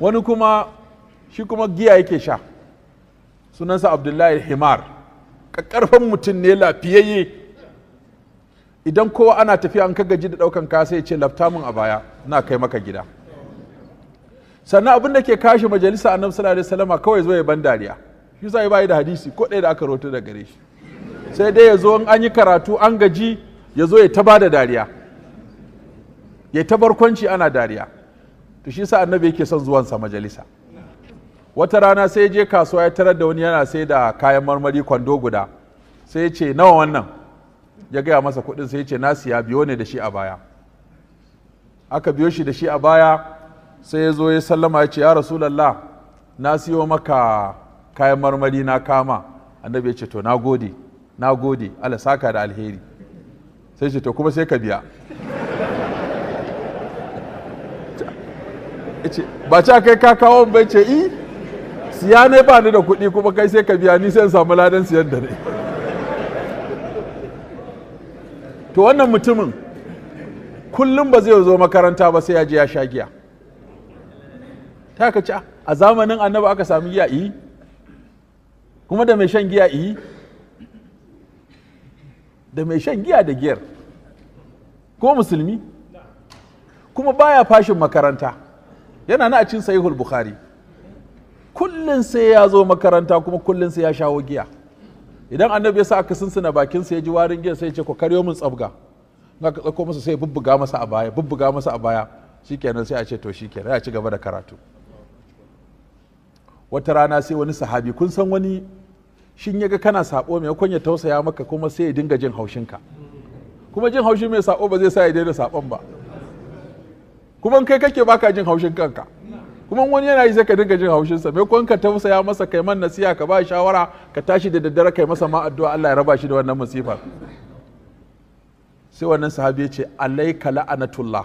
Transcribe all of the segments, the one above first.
wani kuma shi kuma giya yake sha sunansa abdullahi himar ƙaƙƙarfan mutum ne lafiyayye idan kowa ana tafiya an ka gaji da ɗaukan kaya sai ce min a baya na kai maka gida sannan abin da ke kashe majalisa a sallallahu alaihi Salama kawai zo ya ban dariya shi sai bai da hadisi ko ɗaya da aka roto da gare shi sai dai ya zo in an yi karatu an gaji ya zo ya ta da dariya ya ta barkwanci ana dariya to shi sa annabi yake son zuwan sa majalisa wata rana sai je kasuwa ya tarar da wani yana sai da kayan marmari kwando guda sai ya ce nawa wannan ya gaya masa kuɗin sai ya ce na siya biyo ne da shi a baya aka biyo shi da shi a baya sai ya zo ya sallama ya ce ya rasulallah na siyo maka kayan marmari na kama annabi ya ce to na gode na gode ala saka da alheri sai ce to kuma sai ka biya ba ca kai ka kawo bai ce i siya ne ba ni da kuɗi kuma kai sai ka biya ni sai samu ladan siyan da ne to wannan mutumin kullum ba zai zo makaranta ba sai ya je ya sha giya ta ka ci a zamanin annaba aka samu giya i kuma da mai shan giya i da mai shan giya da giyar ko musulmi kuma baya fashin makaranta yana na a cin sahihul bukhari kullun sai ya zo makaranta kuma kullun sai ya shawo giya idan annabi ya sa aka sinsina bakin sa ya ji warin giya sai ya ce ko karyo mun tsabga na ka tsako masa sai bubbuga masa a baya bubbuga masa a baya shikenan sai a ce to shikenan ya ci gaba da karatu wata rana sai wani sahabi kun san wani shin ya ga kana sabo kun ya tausaya maka kuma sai ya dinga jin haushinka kuma jin haushin mai sabo ba zai sa ya daina sabon ba kuma kai kake baka jin haushin kanka kuma wani yana yi zai ka dinga jin haushin sa mai kwanka tausaya masa kai man nasiha ka ba shawara ka tashi da daddare kai masa ma addu'a Allah ya raba shi da wannan musibar sai wannan sahabi ya ce alaika la'anatullah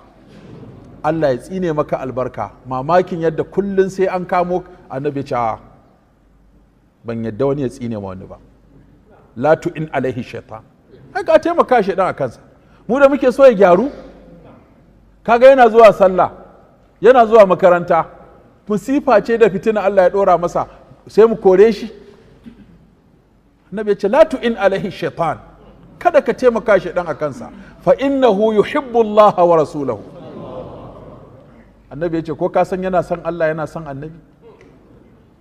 Allah ya tsine maka albarka mamakin yadda kullun sai an kamo annabi ce ban yadda wani ya tsine ma wani ba Latu in alaihi shaitan haka taimaka shaitan a kansa mu da muke so ya gyaru kaga yana zuwa sallah yana zuwa makaranta musifa ce da fitina Allah ya ɗora masa sai mu kore shi annabi ce la in alaihi shaitan kada ka taimaka shi dan a kansa fa innahu yuhibbu Allah wa rasulahu annabi ya ce ko ka san yana san Allah yana san annabi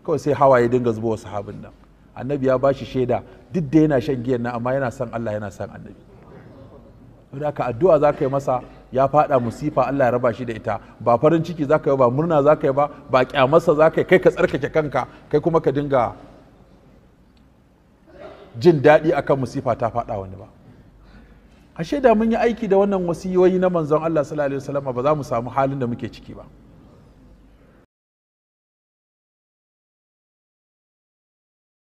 kawai sai hawaye dinga zubo sahabin nan annabi ya bashi shaida duk da yana shan giyan nan amma yana san Allah yana san annabi saboda ka addu'a za ka yi masa ya fada musifa Allah ya raba shi da ita ba farin ciki zaka yi ba murna zaka yi ba ba kyamarsa zaka yi kai ka tsarkake kanka kai kuma ka dinga jin daɗi akan musifa ta fada wani ba ashe da mun yi aiki da wannan wasiyoyi na manzon Allah sallallahu alaihi wasallam ba za mu samu halin da muke ciki ba